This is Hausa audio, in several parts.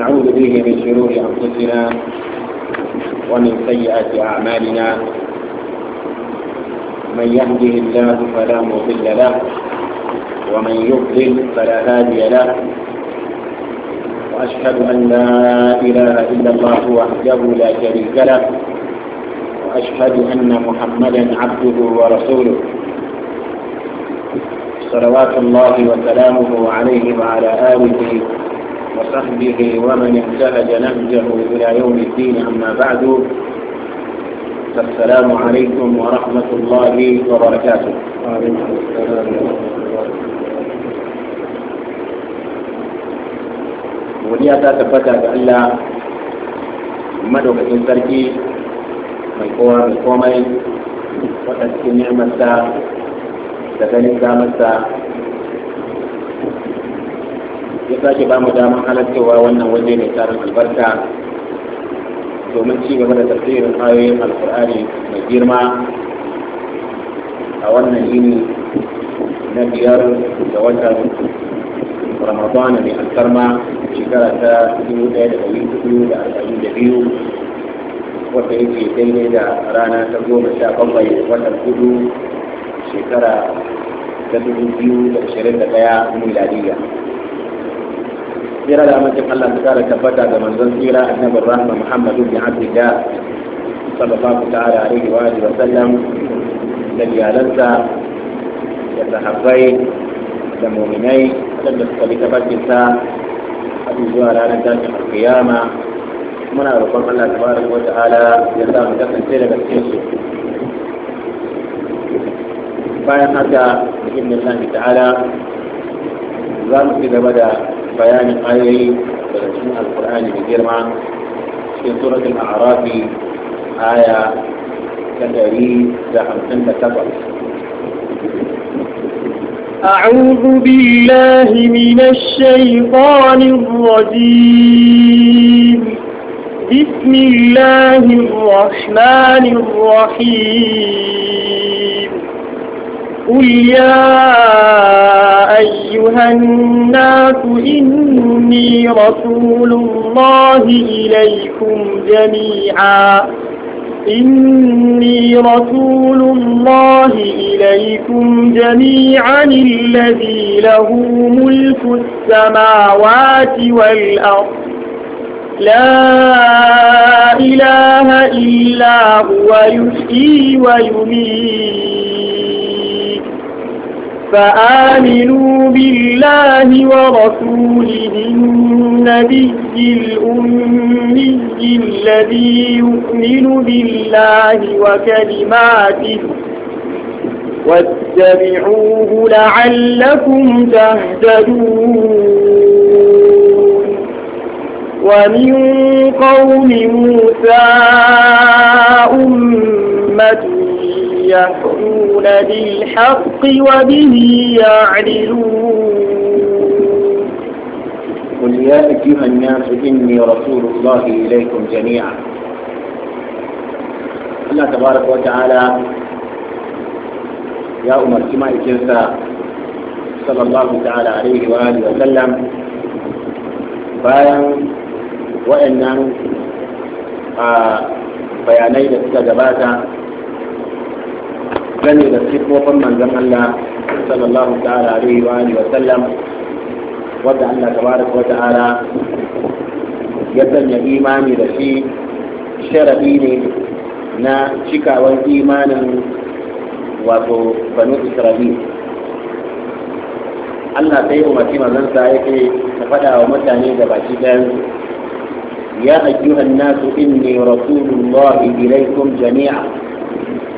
ونعوذ به من شرور أنفسنا ومن سيئات أعمالنا من يهده الله فلا مضل له ومن يضلل فلا هادي له وأشهد أن لا إله إلا الله وحده لا شريك له وأشهد أن محمدا عبده ورسوله صلوات الله وسلامه عليه وعلى آله وصحبه ومن اهتدى نهجه إلى يوم الدين أما بعد فالسلام عليكم ورحمة الله وبركاته وعليكم السلام ورحمة الله وليا تثبت بألا مدوكة sarki mai kowa mai komai wata تتنسى ni'amarsa ya sake ba mu damar halarcewa wannan waje mai tarin albarka domin ci gaba da tafsirin ayoyin alkur'ani mai girma a wannan yini na biyar da watan ramadan mai alkarma shekara ta dubu ɗaya da ɗari hudu da arba'in da biyu wata yake daidai da rana ta goma sha bakwai watan hudu shekara ta dubu biyu da ashirin da ɗaya miladiyya يرى لما كان الله تعالى كفتا من ذن إلى النبي الرحمة محمد بن عبد الله صلى الله عليه وآله وسلم الذي ألنت يتحفين للمؤمنين لم يستطيع كفتا أبي زوال على ذلك القيامة من أرقام الله تبارك وتعالى يزال مجدد سيرة بسيسو فأنا حتى بإذن الله تعالى زامت إذا بدأ بيان آية ترجمة القرآن الكريم في سورة الأعراف آية كتري زحمة تقل أعوذ بالله من الشيطان الرجيم بسم الله الرحمن الرحيم قل يا أيها الناس إني رسول الله إليكم جميعا إني رسول الله إليكم جميعا الذي له ملك السماوات والأرض لا إله إلا هو يحيي ويميت فآمنوا بالله ورسوله النبي الأمي الذي يؤمن بالله وكلماته واتبعوه لعلكم تهتدون ومن قوم موسى أمة يحكون بالحق وبه يعدلون قل يا أيها الناس إني رسول الله إليكم جميعا الله تبارك وتعالى يا أمر كما إجلسا صلى الله تعالى عليه وآله وسلم بايا وإنا آه، بيانين bayanai da suka gabata gane da sifofin manzon Allah sallallahu ta'ala alaihi wa alihi wa sallam wanda Allah tabaraka wa ta'ala ya sanya imani da shi sharadi ne na cikawan imanin wato banu isra'il Allah sai umarci manzon sa yake ta faɗa wa mutane da baki ɗayan ya ayyuhan nasu inni rasulullahi ilaikum jami'a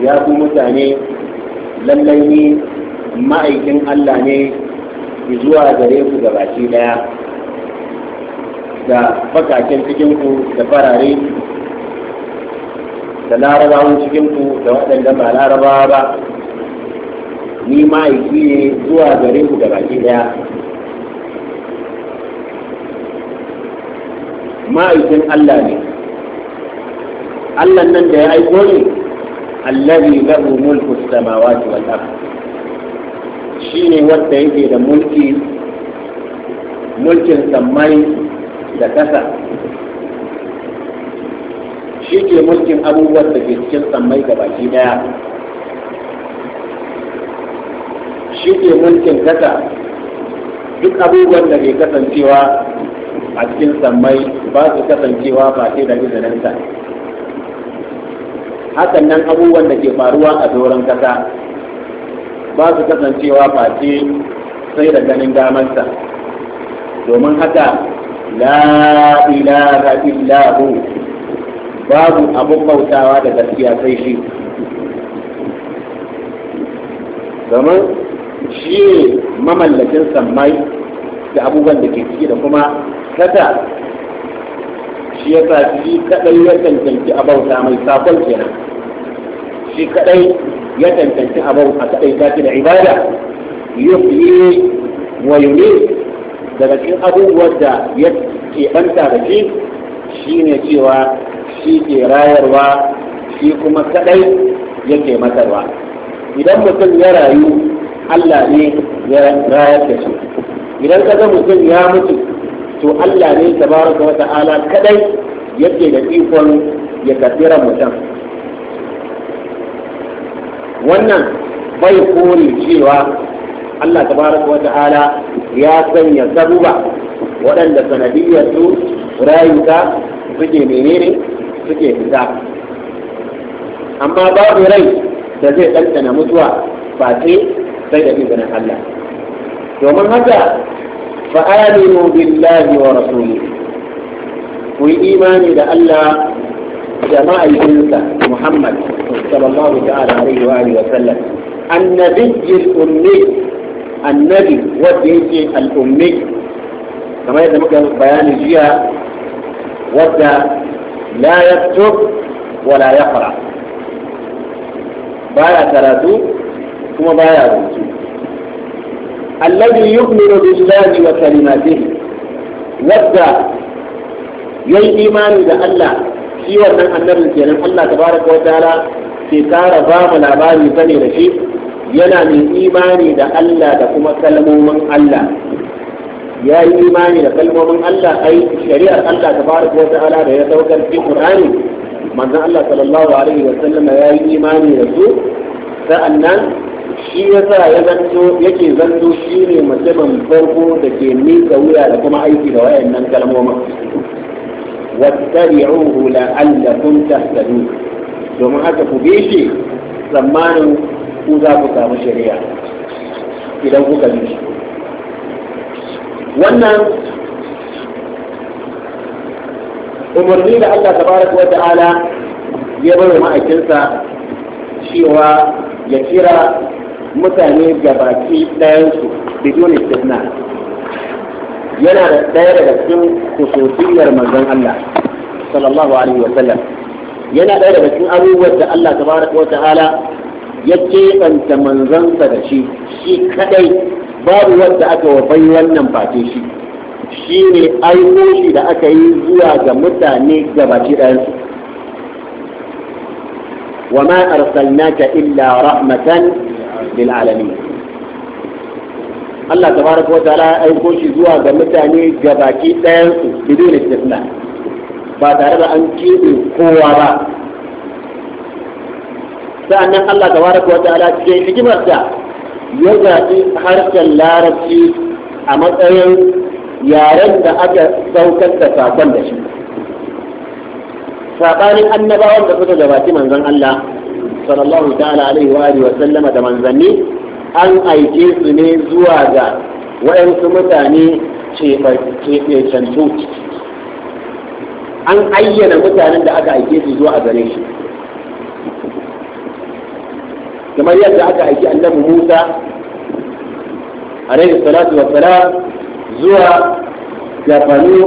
ya ku mutane lallai ni ma'aikin Allah ne zuwa gare ku gabaci daya da bakakin cikinku da farare da larabawan cikinku da waɗanda ba larabawa ba ni ma'aiki ne zuwa gare ku gabaci daya ma'aikin Allah ne Allah nan da ya aiko ne allazi lahu mulku samawati wal ard shine wanda yake da mulki mulkin sammai da kasa shi ke mulkin abubuwan da ke cikin sammai da baki daya shi ke mulkin kasa duk abubuwan da ke kasancewa a cikin sammai ba su kasancewa ba sai da izininsa hakan nan abubuwan da ke faruwa a doron kasa ba su kasancewa face sai da ganin damarsa domin haka la ilaha illa hu babu abu bautawa da gaskiya sai shi domin shi mamallakin sammai da abubuwan da ke ciki da kuma kasa shi ya sa shi kaɗai ya cancanci a bauta mai sakon kenan shi kadai ya tantance abin a kadai ta da ibada yuhyi wa yumi daga cikin abubuwan da ya keɓanta da shi ne cewa shi ke rayarwa shi kuma kadai yake matarwa idan mutum ya rayu Allah ne ya rayar da shi idan kaga mutum ya mutu to Allah ne tabaraka wa ta'ala kadai yake da ikon ya karbi mutum wannan bai kore cewa Allah tabaraka wa ta'ala ya sanya sabuba waɗanda sanadiyar su rayuka suke menene suke fita amma babu rai da zai ɗanɗana mutuwa ba sai sai da izinin Allah domin haka aminu billahi wa rasuli ku yi imani da Allah جماعة الجنسة محمد صلى الله تعالى عليه وآله وسلم النبي الأمي النبي وديك الأمي كما يتمكن بيان الجهة ودى لا يكتب ولا يقرأ بايا ثلاثو ثم بايا الذي يؤمن بالله وكلماته ودى يا إيمان إذا الله shi wannan annabin kenan Allah tabaraka wa ta'ala ke kara ba mu labari bane da shi yana mai imani da Allah da kuma kalmomin Allah ya yi imani da kalmomin Allah ai shari'ar Allah tabaraka wa ta'ala da ya saukar cikin Qur'ani manzon Allah sallallahu alaihi wa sallam ya yi imani da su sa'annan shi ya sa ya zanto yake zanto shi ne mutumin farko da ke nika wuya da kuma aiki da wayannan kalmomin wattabi'uhu la'allakum tahtadun domin haka ku bi shi tsammanin ku za ku samu shari'a idan kuka bi shi wannan umarni da Allah tabaraka wa ta'ala ya bai ma'aikinsa cewa ya kira mutane gabaki ɗayansu bidon istisna yana da ɗaya daga cikin kusurciyar manzon Allah sallallahu alaihi wa sallam yana ɗaya daga cikin abubuwan da Allah tabaraka wa ta'ala ya keɓanta manzansa da shi shi kadai babu wanda aka wa bai wannan face shi shi ne aiko shi da aka yi zuwa ga mutane gabaci ɗayansu وما illa إلا رحمة للعالمين Allah tabaraka wataala ya aiko shi zuwa ga mutane baki ɗayan su da istisna ba tare da an keɓe kowa ba sa'annan Allah tabaraka wataala cikin hikimar da ya zaɓi harshen larabci a matsayin yaren da aka saukar da sakon da shi saɓanin annabawan da suka gabaci manzon Allah sallallahu ta'ala alaihi wa sallama da manzanni an aike su ne zuwa ga waɗansu mutane cefecantu an ayyana mutanen da aka aike su zuwa a gare shi kamar yadda aka aiki annabi musa a alaihi salatu wa salam zuwa ga fano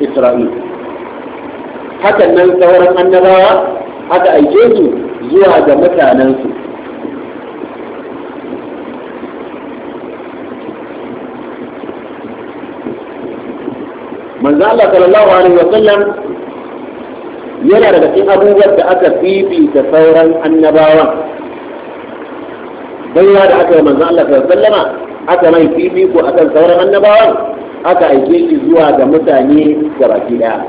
isra'il hakan nan sauran annabawa aka aike su zuwa ga mutanensu manzo Allah sallallahu alaihi wa sallam yana daga cikin abubuwan da aka fifita sauran annabawan baiwa da aka yi manzo Allah sallallahu alaihi wa sallama aka mai fifiko akan sauran annabawan aka aike shi zuwa ga mutane gabaki daya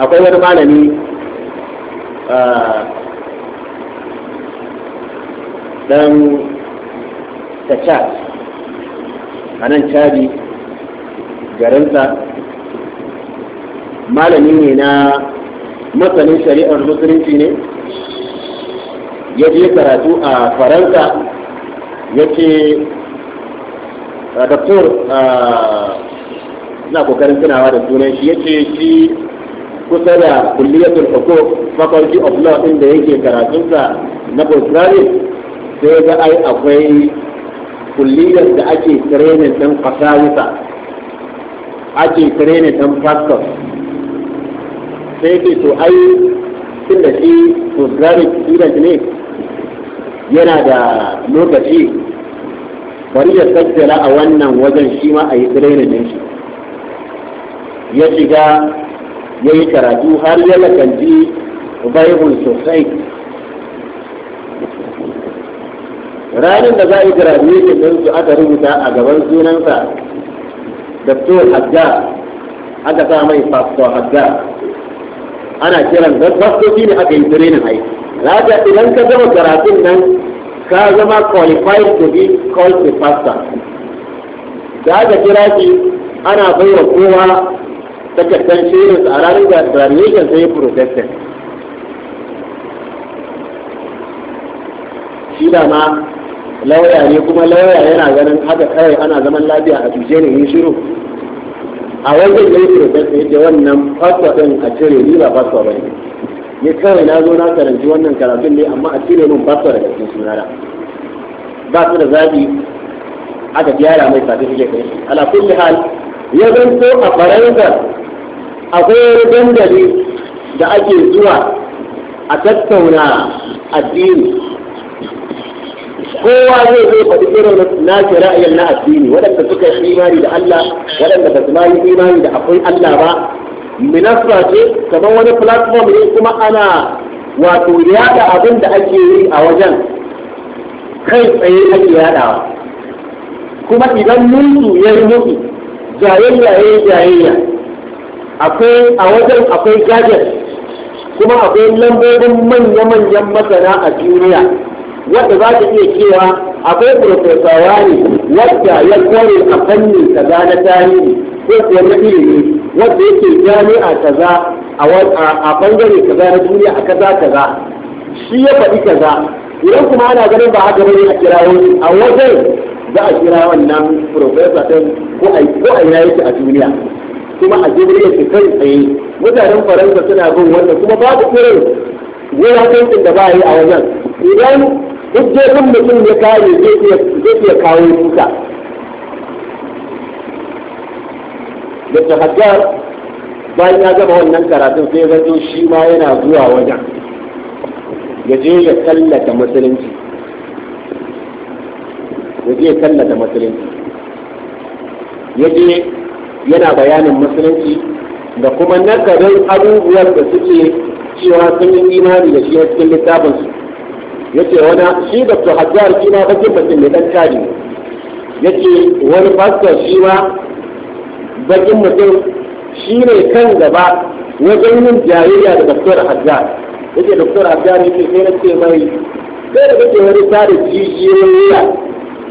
akwai wani malami ah, dan ta ca a nan chadi garinsa malami ne na masanin shari'ar musulunci ne ya je karatu a faransa ya ce doktor na kokarin tunawa da sunan shi ya ce shi kusa da kulliyatul hukum faculty of law ɗin da yake karatunsa na Australia sai ga ai akwai kulliyar da ake tirene ɗin fasawisa ake tirene ɗin pastor sai ke to ai tun da shi postgraduate student ne yana da lokaci bari ya tattara a wannan wajen shi ma a yi tirene ne shi ya shiga ya yi karatu har ya lakanci baibul sosai ranin da za a yi graduation din su aka rubuta a gaban sunansa da doktor hajja aka sa mai pastor hajja ana kiran don shi ne aka yi training ai raja idan ka zama karatun nan ka zama qualified to be called the pastor da aka kira shi ana bai wa kowa takardar shirinsa a ranar da graduation sai protestant shi da ma lauya ne kuma lauya yana ganin haka kawai ana zaman lafiya a tushe ne yin shiru a wajen da yake da tsaye da wannan fasfa ɗin a cire ni ba fasfa ba ne ni kawai na zo na karanci wannan karatun ne amma a cire min fasfa daga cikin sunana ba su da zaɓi aka gyara mai certificate kai ala kulli hal ya zanto a faransa akwai wani dandali da ake zuwa a tattauna addini kowa zai zo faɗi irin nashi ra'ayin na addini waɗanda suka yi imani da Allah waɗanda ba su ma yi imani da akwai Allah ba minasra ce kamar wani platform ne kuma ana wato yada abin da ake yi a wajen kai tsaye ake yadawa kuma idan mutu ya yi mutu jayayya ya yi jayayya akwai a wajen akwai gadget kuma akwai lambobin manya-manyan masana a duniya wadda za ta iya cewa akwai profesawa ne wadda ya kware a fannin kaza na tarihi ko kuwa na ilimi wadda yake jami'a kaza a bangare kaza na duniya a kaza kaza shi ya faɗi kaza idan kuma ana ganin ba haka bane a kirawo a wajen za a kira wannan profesa ɗin ko a yi yake a duniya kuma a jibriya ke kai tsaye mutanen faransa suna bin wannan kuma babu irin wulakancin da ba yi a wajen idan duk jefin mutum ya kare zai iya kawo duka da hajjar bayan ya gama wannan karatun sai zato shi ma yana zuwa wajen ya je ya tallata musulunci ya je ya tallata musulunci ya je yana bayanin musulunci da kuma nakarin abubuwan da suke cewa sun yi imani da shi a cikin littafinsu yace wani shi da su hajjar shi ma bakin mutum mai dan ya ce wani pastor shi ma bakin mutum shi ne kan gaba wajen yin jayayya da doktor hajjar yace doktor hajjar yace sai na ce mai sai da kake wani tare jijiyoyiya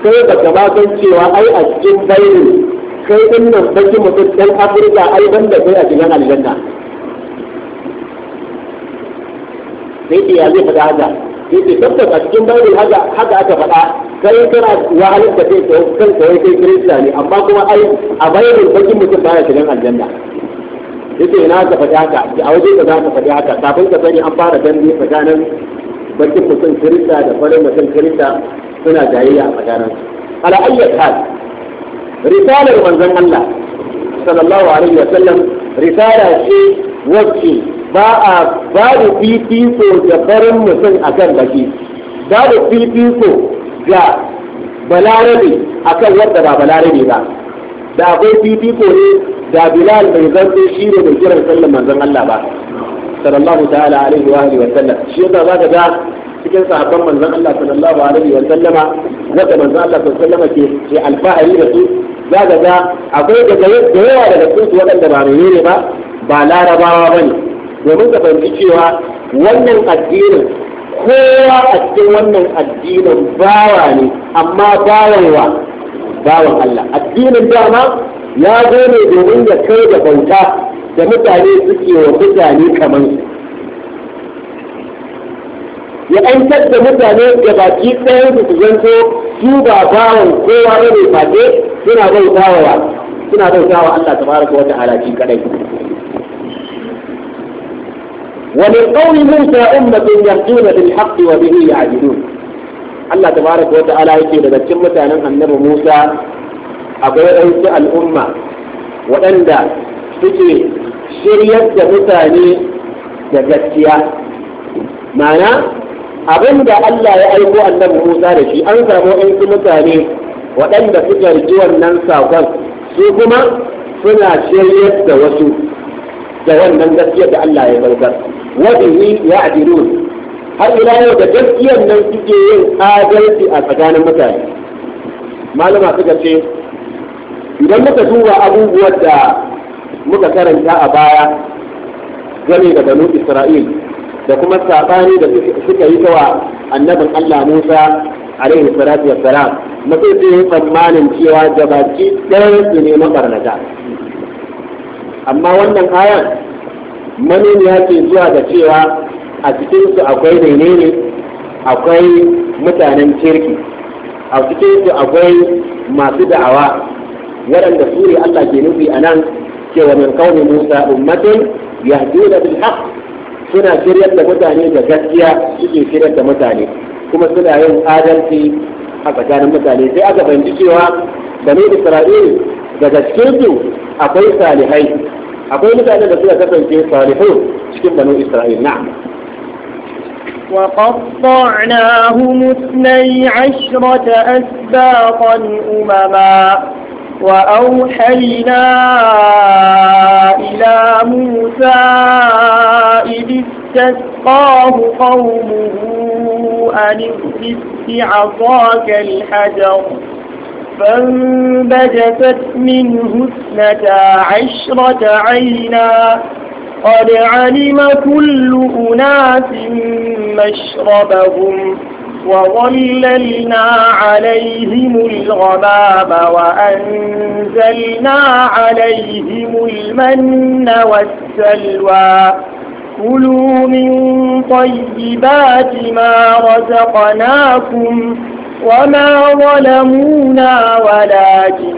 kai ba gaba ba cewa ai a cikin bayin kai din nan bakin mutum dan afirka ai ban da kai a cikin aljanna sai ya zai faɗa haka yake tabbata a cikin bible haka haka aka faɗa kai kana wahalar da kai kai kai kai kirista ne amma kuma ai a bayanin bakin mutum baya shigan aljanna yace ina ka faɗi haka a waje ka za ka faɗi haka kafin ka sani an fara ne tsakanin bakin mutum kirista da farin mutum kirista suna jayayya a tsakanin ala ayyat hal risalar manzon Allah sallallahu alaihi wa sallam risala ce wacce ba a da fifiko da farin mutum a kan baki da fifiko ga balarabe a kan yadda ba balarabe ba da akwai fifiko ne da bilal bai zanto shi ne mai kiran sallan manzon Allah ba sallallahu ta'ala alaihi wa alihi wa sallam shi yasa zaka ga cikin sahabban manzon Allah sallallahu alaihi wa sallama wanda manzon Allah sallallahu alaihi wa sallama ke alfahari da su zaka ga akwai da yawa daga cikin su waɗanda ba ne ba ba larabawa ba ne. domin ka fahimci cewa wannan addinin kowa a cikin wannan addinin bawa ne amma bawan wa bawan Allah addinin dama ya zo ne domin ya kai da bauta da mutane suke wa mutane kamar su ya ainkar da mutane da baki ɗayan su zanto su ba bawan kowa ne fate suna bautawa suna bautawa Allah tabaraka wa ta'ala shi kadai wani ƙauni Musa ummatin yaqina bil haqqi wa bihi ya'dilun Allah tabaraka wa ta'ala yake daga cikin mutanen annabi Musa akwai ɗauki al'umma waɗanda suke shiryar da mutane da gaskiya ma'ana abin da Allah ya aiko annabi Musa da shi an samu ɗauki mutane waɗanda suka riki wannan saƙon su kuma suna shiryar da wasu da wannan gaskiyar da Allah ya barkar wa ya ya'dilun har ila yau da gaskiyar nan suke yin adalci a tsakanin mutane malama suka ce idan muka duba abubuwan da muka karanta a baya game da banu isra'il da kuma saɓani da suka yi kawa annabin allah musa alaihi salatu wassalam mutum sai tsammanin cewa da baki ɗayan su ne mabarnata amma wannan ayan ya ce zuwa ga cewa a cikinsu akwai menene akwai mutanen kirki a cikinsu akwai masu da'awa waɗanda su ne Allah ke nufi a nan cewa min kauni Musa ummatin da bil haqq suna shiryar da mutane da gaskiya suke shiryar da mutane kuma suna yin adalci a tsakanin mutane sai aka fahimci cewa da ne Isra'il daga cikin su akwai salihai akwai mutane da suka kasance salihu cikin banu isra'il na'am وقطعناهم اثني عشرة أسباطا أمما وأوحينا إلى موسى إذ استسقاه قومه أن اهدف بعصاك الحجر فانبجست منه اثنتا عشرة عينا قد علم كل أناس مشربهم وظللنا عليهم الغمام وأنزلنا عليهم المن والسلوى كلوا من طيبات ما رزقناكم وما ظلمونا ولكن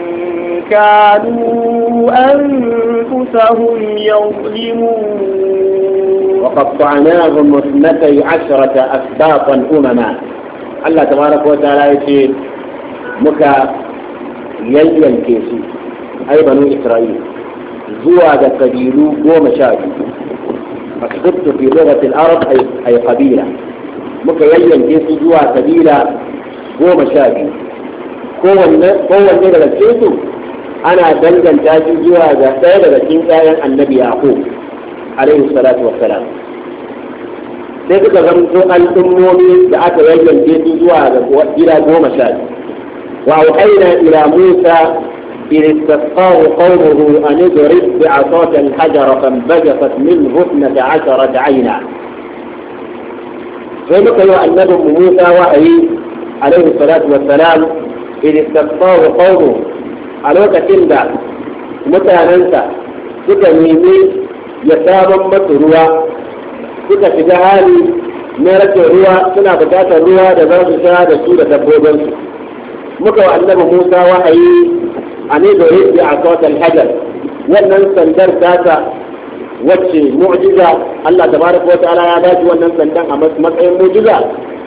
كانوا أنفسهم يظلمون وقطعناهم اثنتي عشرة أسباطا أمما الله تبارك وتعالى يقول مكا يلين كيسي أي بنو إسرائيل زواج قبيل قبيلو ومشاكل في لغة الأرض أي قبيلة مكا يلين كيسي زواج قبيلة goma sha biyu kowanne daga cikinsu ana danganta shi zuwa ga ɗaya daga cikin kayan annabi yaqub alaihi salatu wassalam sai suka zanto al'ummomi da aka yayyance su zuwa ga gida goma sha biyu wa auhayna ila musa إذ استسقاه قومه أن اضرب بعصاك الحجر فانبجست منه اثنتا عشرة عينا. فمثل النبي موسى وأي alaihi salatu wassalam in istaghfaru qawmu a lokacin da mutanensa suka nemi ya saman masu ruwa suka shiga hali na rashin ruwa suna bukatar ruwa da za sha da su da dabbobinsu muka wa annabi Musa wahayi a ne da yake a kawatan hajar wannan sandar tata wacce mu'jiza Allah ta tabaraka wa ta'ala ya dace wannan sandan a matsayin mu'jiza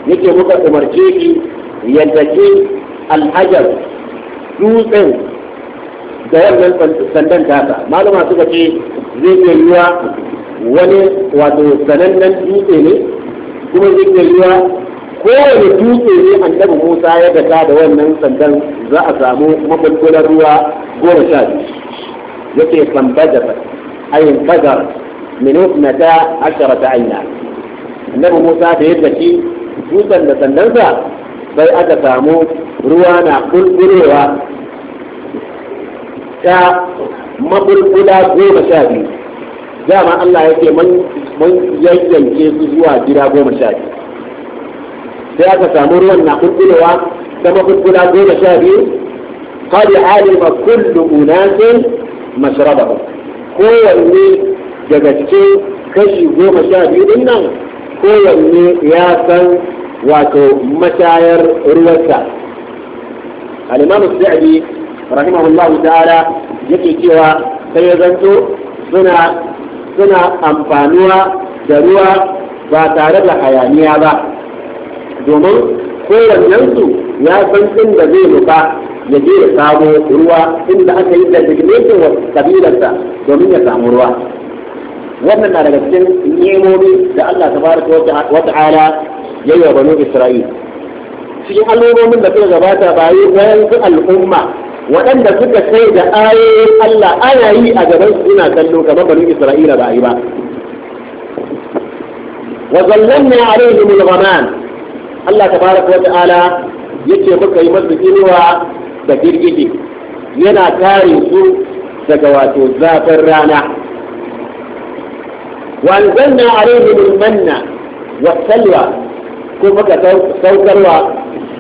yake muka umarce shi yadda ke alhajar dutsen da wannan sandan tasa malama suka ce zai iya yiwa wani wato sanannen dutse ne kuma zai iya yiwa kowane dutse ne annabi musa ya gata da wannan sandan za a samu mabalkolar ruwa goma sha biyu yake fanbajar ayin bajar minu na ta ashara ta aina annabi musa da ya daki dutsen da sandansa bai aka samu ruwa na kulkulewa ta mabulbula goma sha biyu dama Allah ya ce mun yayyanke su zuwa gida goma sha biyu sai aka samu ruwan na kulkulewa ta mabulbula goma sha biyu ya alima كل أناس مشربهم kowanne daga cikin kashi goma sha biyu din nan kowanne ya san wato mashayar ruwarsa al sa'adi rahimahullah ta'ala yake cewa sai ya zanto suna suna amfanuwa da ruwa ba tare da hayaniya ba domin kowannensu ya san inda zai nufa ya je ya samo ruwa inda aka yi da wa kabilarsa domin ya samu ruwa wannan na daga cikin nemomi da Allah tabaraka wa ta'ala ya yi wa banu Isra'il cikin al'ummomin da suka gabata ba yi wayansu al'umma waɗanda suka kai da ayoyin Allah ana yi a gaban su ina kallo kamar banu Isra'il ba yi ba wa zallanna alaihim al-ghamam Allah tabaraka wa ta'ala yace muka yi masu inuwa da girgije yana kare su daga wato zafin rana وانزلنا عليهم المن والسلوى كما كتوكلوا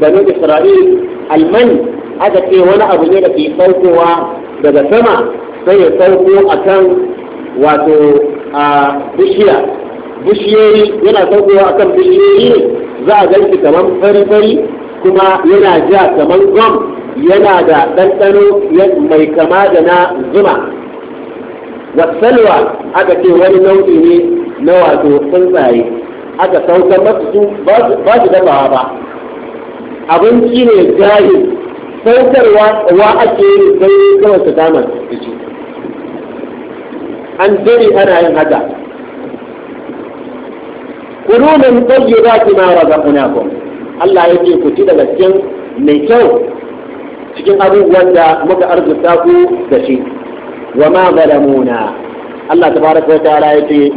بني اسرائيل المن هذا في ولا ابو ذر في صوتها بدا سما سي صوت اكن واتو آه، بشيا بشيري ينا صوتها اكن بشيري ذا ذلك تمام فري فري كما ينا جاء تمام غم ينا دا دلتنو يد ميكما دنا زمان wasalwa aka ce wani nau'i ne na wato tsuntsaye aka sauka masu ba su dafawa ba abinci ne gari saukarwa wa ake yi kawai su dama an dare ana yin haka kulu min tayyibati ma razaqnakum Allah ce ku ci daga cikin mai kyau cikin abubuwan da muka arzuta ku da shi wa ma zalamuna Allah tabaraka wa ta'ala yace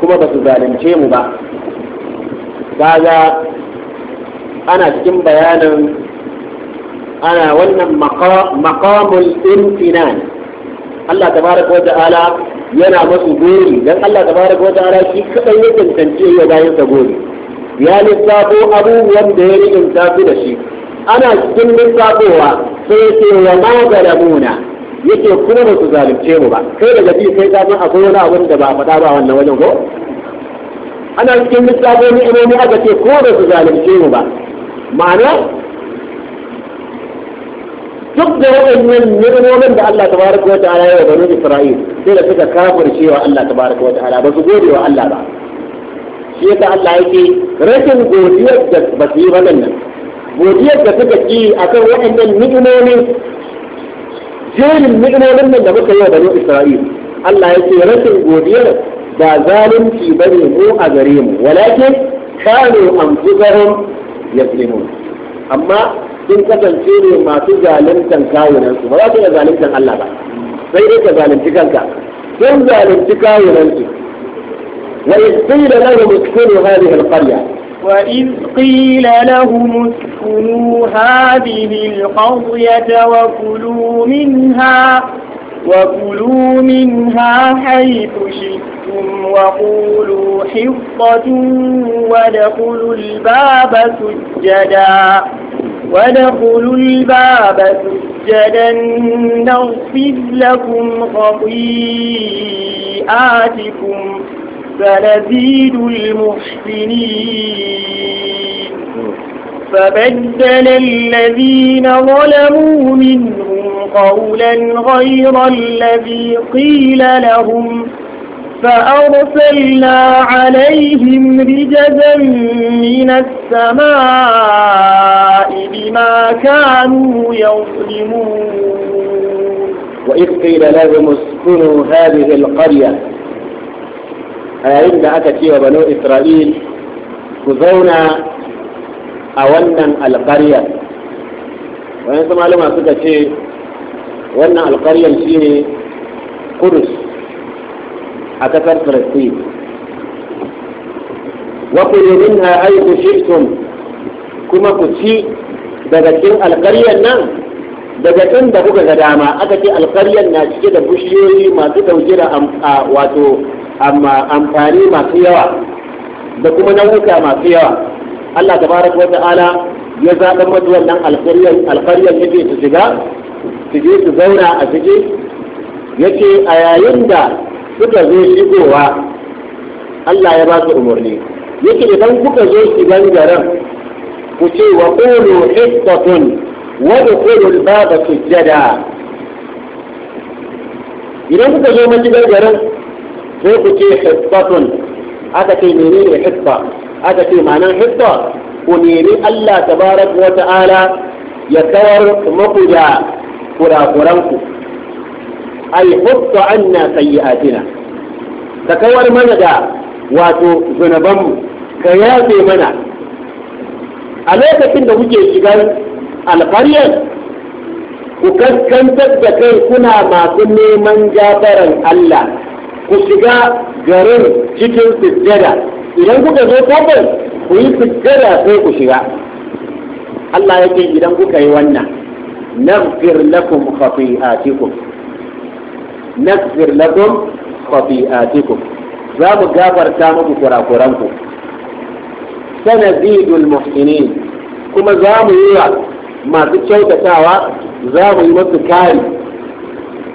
kuma ba su zalunce mu ba kaga ana cikin bayanin ana wannan maqamul imtinan Allah tabaraka wa ta'ala yana masu gori dan Allah tabaraka wa ta'ala shi kadai ya tantance ya bayan sa gori ya lissafo abubuwan da ya rigin tafi da shi ana cikin lissafowa sai ce wa ma zalamuna yake kuma ba su zalunce mu ba kai daga bi kai zaman akwai wani abin da ba a faɗa ba wannan wajen ko ana cikin lissafin ni'imomi aka ce ko ba su zalunce mu ba ma'ana duk da waɗannan ni'imomin da Allah tabaraka wa ta'ala ya bani Isra'il sai da suka kafirce wa Allah tabaraka wa ta'ala ba su gode wa Allah ba shi yasa Allah yake rashin godiyar da ba su yi ba nan godiyar da suka ki akan waɗannan ni'imomin jerin mu'minan nan da muka yi wa bani Isra'il Allah ya ce rashin godiyar ba zalunci bane mu a gare mu walakin kanu anfusahum yaslimun amma sun kasance ne masu zaluntan kawunan su ba za su iya zaluntan Allah ba sai dai ka zalunci kanka sun zalunci kawunan su wa isqila lahum iskunu hadhihi alqarya وإذ قيل لهم اسكنوا هذه القرية وكلوا منها وكلوا منها حيث شئتم وقولوا حفظة وادخلوا الباب سجدا وادخلوا الباب سجدا نغفر لكم خطيئاتكم فلذيذ المحسنين فبدل الذين ظلموا منهم قولا غير الذي قيل لهم فأرسلنا عليهم رجزا من السماء بما كانوا يظلمون وإذ قيل لهم اسكنوا هذه القرية a yayin da aka ce wa banu isra'il ku zauna a wannan alƙaryar wayansu malama suka ce wannan alƙaryar ne kudus a ƙasar filistin wa kulu minha shifton kuma ku ci daga cikin alƙaryar nan daga can da kuka ga dama aka ce alƙaryar na cike da bishiyoyi masu ɗauke da wato amma amfani masu yawa da kuma nau'uka masu yawa Allah tabaraka wa ta'ala ya zaɓa mata wannan alƙaryar alƙaryar yake su shiga su je su zauna a ciki yake a yayin da suka zo shigowa Allah ya ba su umarni yake idan kuka zo shigan garin ku ce wa qulu hiqqatun wa dukhulu al-baba sujada idan kuka zo mashigar garin ko ku ce hisbatun aka ce menene hisba aka ce ma'anar ku nemi Allah tabaraka wa ta'ala ya kawar muku da kurakuranku ay hutta anna sayyi'atina ka kawar mana da wato zunubanmu ka yafe mana a lokacin da kuke shigar alfariyar? ku kaskantar da kai kuna masu neman gafaran Allah ku shiga garin cikin sujjada idan kuka zo kofar ku yi sujjada sai ku shiga Allah ya ce idan kuka yi wannan naghfir lakum khati'atikum naghfir lakum khati'atikum za mu gafarta muku kurakuranku sanazidul muhsinin kuma za mu yi wa masu kyautatawa za mu yi masu kari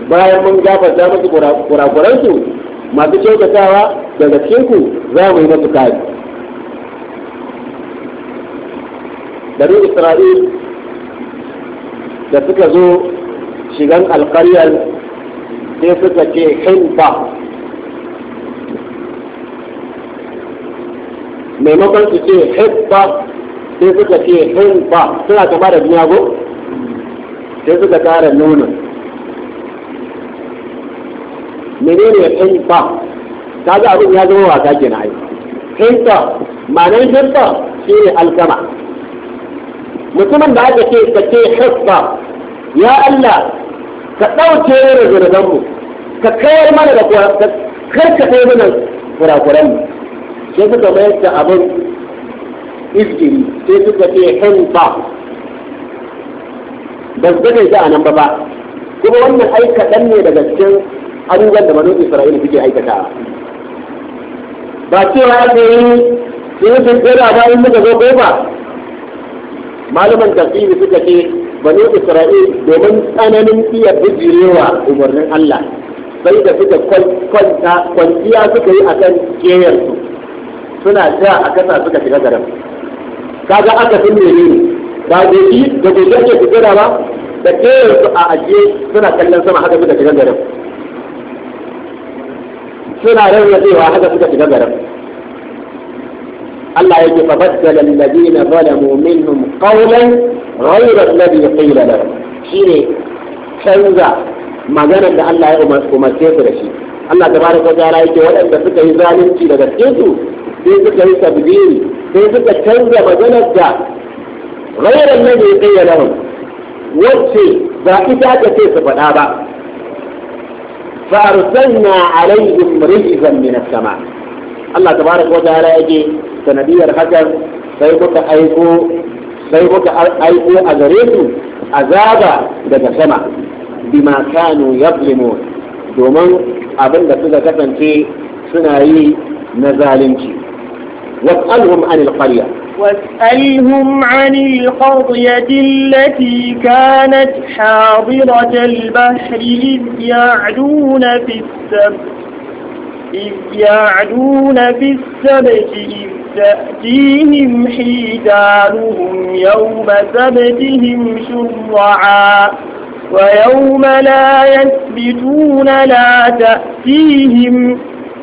bayan mun gafarta musu kurakuransu masu kyautatawa daga cikinku za mu yi masu kari bari isra'il da suka zo shigan alkaryar sai suka ce hinfa maimakon su ce hinfa sai suka ce hinfa suna kama da duniya go sai suka tara nuna menene ya kai Ta kaga abin ya zama wasa kenan ai hinta ma'anar shi shine alkama mutumin da aka ce ka ce hisba ya Allah ka ɗauke da zunuban mu ka kayar mana da ka karkace mana kurakuran mu sai suka mayar da abin iskiri sai suka ce hinta ba su gane shi a nan ba ba kuma wannan aika kaɗan ne daga cikin abubuwan da manon isra'ila suke aikata, ba cewa aka yi sinifin tsera ba in muka zo ba malaman tafsiri suka ce bani isra'il domin tsananin iya bijirewa umarnin allah sai da suka kwanta kwanciya suka yi a kan keyarsu suna sha a kasa suka shiga garin kaga aka sun mene ne ba gobe da gobe ke fitira ba da keyarsu a ajiye suna kallon sama haka suka shiga garin suna rarrabewa haka suka shiga garin Allah yake fa baddala alladhina zalamu minhum qawlan ghayra alladhi qila lahum shine canza maganar da Allah ya umarce su da shi Allah tabaraka wa ta'ala yake waɗanda suka yi zalunci daga cikin su sai suka yi tabdili sai suka canza maganar da ghayra alladhi qila lahum wacce ba ita ta ce su faɗa ba فأرسلنا عليهم رجزا من السماء Allah tabaraka wa ta'ala yake sanadiyar hakan sai kuka aiko sai kuka aiko a gare su azaba daga sama bima kanu yablimun domin abin da suka kasance suna yi na zalunci was'alhum anil qarya واسألهم عن القرية التي كانت حاضرة البحر إذ يعدون في السبت إذ يعدون في السبت إذ تأتيهم حيتانهم يوم سبتهم شرعا ويوم لا يثبتون لا تأتيهم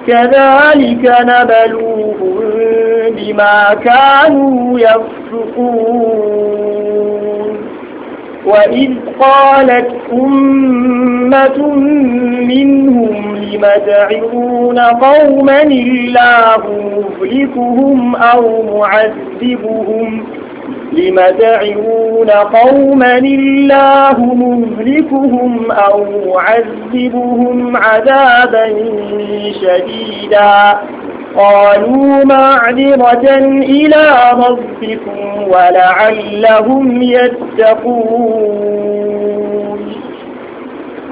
كذلك نبلوهم بما كانوا يفسقون وإذ قالت أمة منهم لم تعظون قوما الله مهلكهم أو معذبهم لم تعظون قوما الله مهلكهم أو معذبهم عذابا شديدا قالوا معذرة إلى ربكم ولعلهم يتقون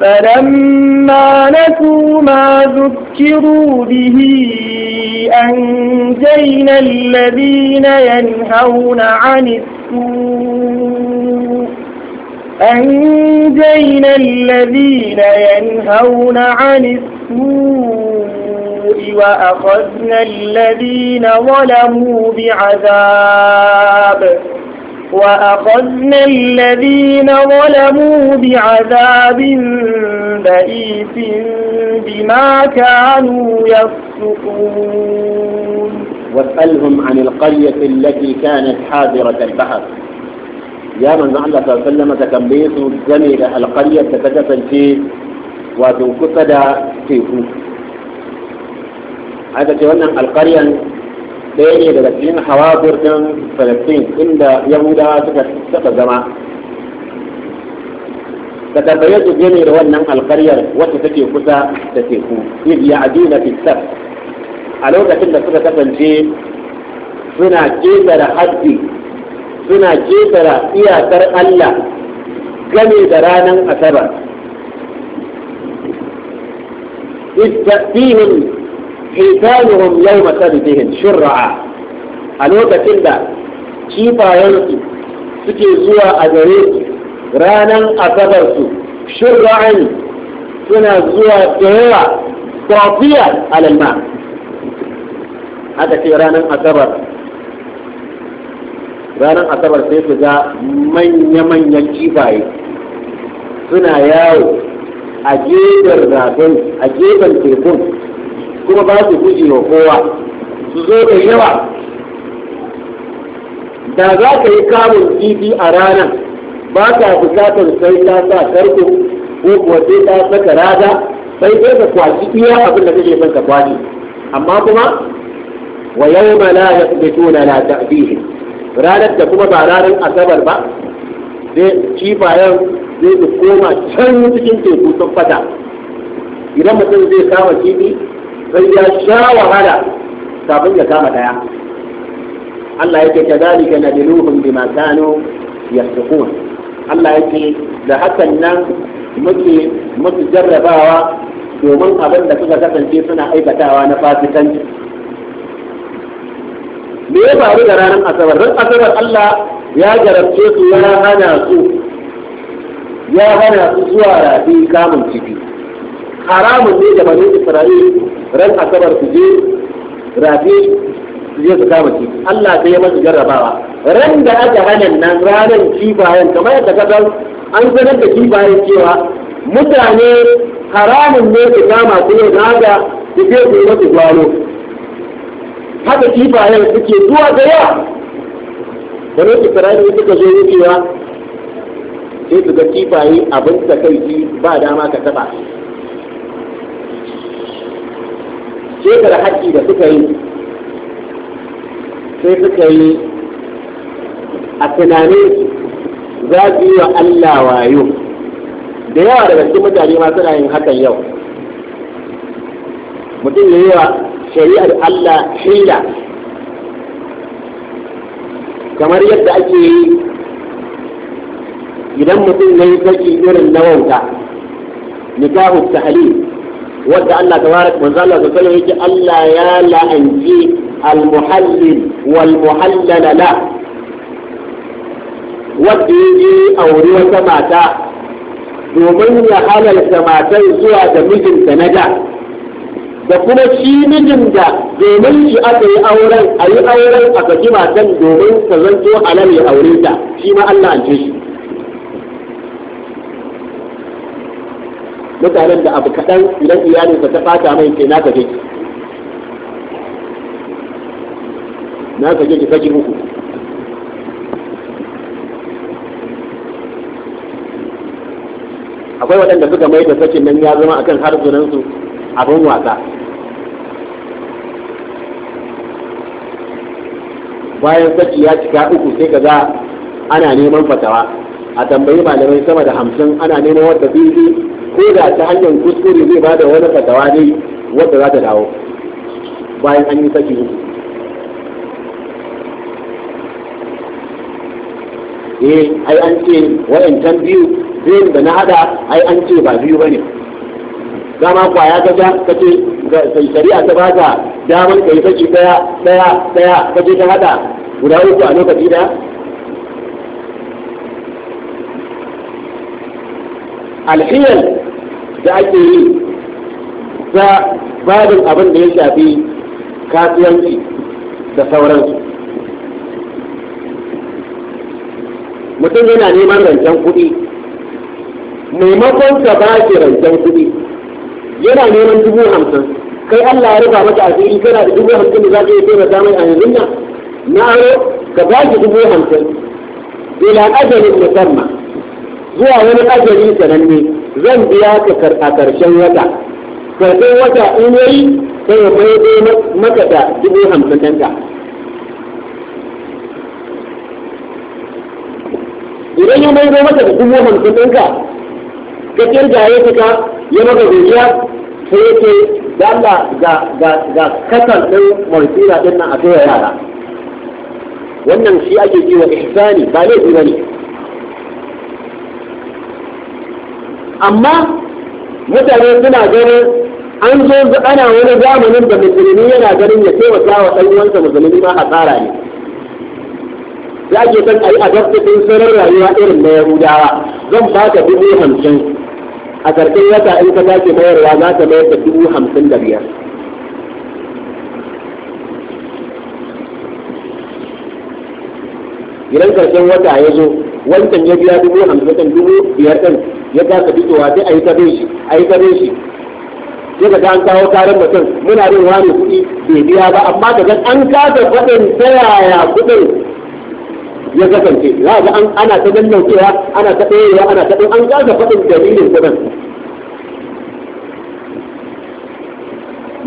فلما نسوا ما ذكروا به أنجينا الذين ينهون عن السوء أنجينا الذين ينهون عن السوء وأخذنا الذين ظلموا بعذاب وأخذنا الذين ظلموا بعذاب بئيس بما كانوا يفسقون واسألهم عن القرية التي كانت حاضرة البحر يا من الله صلى الله عليه وسلم تكبيس الزميل القرية تكتف الفيل وتنكتد فيه هذا تقولنا القرية بين فلسطين حواضر فلسطين عند يهودا تكتف الزماء تكبيس الزميل وانا القرية وتكتف كتا تفيه إذ يعدين في السف على وقت أن تكتف الفيل هنا كيف لحدي suna ketara iyakar Allah game da ranar asabar istafihim hitanuhum yau sabtihim shur'a a lokacin da kifayensu suke zuwa a gare su ranar asabar su shur'an suna zuwa da yawa tafiya alalma aka ce ranar asabar ranar asabar sai su ga manya-manyan kifaye suna yawo a gefen rafin a gefen tekun kuma ba su guje wa kowa su zo da yawa da za ka yi kamun kifi a ranar ba ka bukatar sai ta sa karko ko kuwa sai ta saka rada sai sai ka kwaci iya abin da kake son ka kwaci amma kuma wa yawma la yaqbituna la ta'dihim ranar da kuma ba ranar asabar ba zai kifayen zai su koma can cikin teku sun fata idan mutum zai kama kifi sai ya sha wahala kafin ya kama daya Allah yake kadalika nadiluhum bima ya yasqun Allah yake da hakan nan muke musu jarrabawa domin abin da suka kasance suna aikatawa na fasikanci me ya faru da ranar asabar ran asabar Allah ya jarabce su ya hana su ya hana su zuwa rafi kamun ciki haramun ne da bani Isra'il ran asabar su je rafi su je su kama ciki Allah sai ya masu jarrabawa ran da aka hana nan ranar kifayen kamar yadda ka san an sanar da kifayen cewa mutane haramun ne su kama su ne na ga su je su yi masu gwalo haka kifayen suke zuwa da yawa da ne sarari suka zo wucewa sai su ga kifaye abin takaici ba dama ka taba shekara haƙƙi da suka yi sai suka yi a tunani za su yi wa Allah wayo da yawa daga cikin mutane ma suna yin hakan yau mutum ya yi wa shari'ar Allah hila kamar yadda ake yi idan mutum ya yi saki irin na wauta nikahu tahlil wadda Allah tabarak manzo Allah sallallahu alaihi yake Allah ya la'anci al-muhallil wal muhallala la wadda yake aure wata mata domin ya halarta matar zuwa da mijinta na da da kuma shi mijin da domin shi aka yi auren a yi auren a saki matan domin ka zanto halal ya aure ta shi ma Allah an ce shi mutanen da abu kaɗan idan iyalinsa ta fata mai ke na kaje ki na kaje ki kaji uku akwai waɗanda suka mai da sakin nan ya zama akan harsunansu abin wasa bayan saki ya cika uku sai ka kaza ana neman fatawa a tambayi malamai sama da hamsin ana neman wata fifi ko da ta hanyar kuskure zai bada wani fatawa ne wadda za ta dawo bayan an yi saki uku eh ai an ce wa'ancan biyu biyun da na hada ai an ce ba biyu bane dama kwaya gaja kace sai shari'a ta baka damar ka yi saki daya daya daya ka ta hada guda uku a lokaci da? alhiyar da ake yi ta babin abin da ya shafi kasuwanci da sauransu mutum yana neman rancen kuɗi maimakon ka ba shi rancen kuɗi yana neman dubu hamsin kai Allah ya rufa maka asiri kana da dubu hamsin da za ka yi taimaka mai a yanzu nan na aro ka ba shi dubu hamsin ila ajalin musamman zuwa wani ajali sananne zan biya ka a karshen wata karshen wata in yayi sai ya bai maka da dubu hamsin ɗanka idan ya maido maka da dubu hamsin ɗinka ka ya ka ya maka godiya sai yake dalla ga ga ga kasar din morfina din nan a kai yara wannan shi ake ji wa ihsani ba laifi bane amma mutane suna ganin an zo ana wani zamanin da musulmi yana ganin ya taimaka wa ɗan uwansa musulmi ma a tsara ne ya ke san a yi adaptation sauran rayuwa irin na yahudawa zan ba ka dubu hamsin a ƙarshen wata in ka sake mayarwa za ka mayar da dubu hamsin da biyar idan ƙarshen wata ya zo wancan ya biya dubu hamsin ɗin dubu biyar ɗin ya kasa fitowa sai a yi ta bin shi a yi ta bin shi sai ka an kawo taron mutum muna bin wani kuɗi bai biya ba amma daga an kasa faɗin ta yaya kuɗin ya kasance za ga an ana ta cewa, ana ta ɗoyewa ana ta an kasa faɗin dalilin kuɗin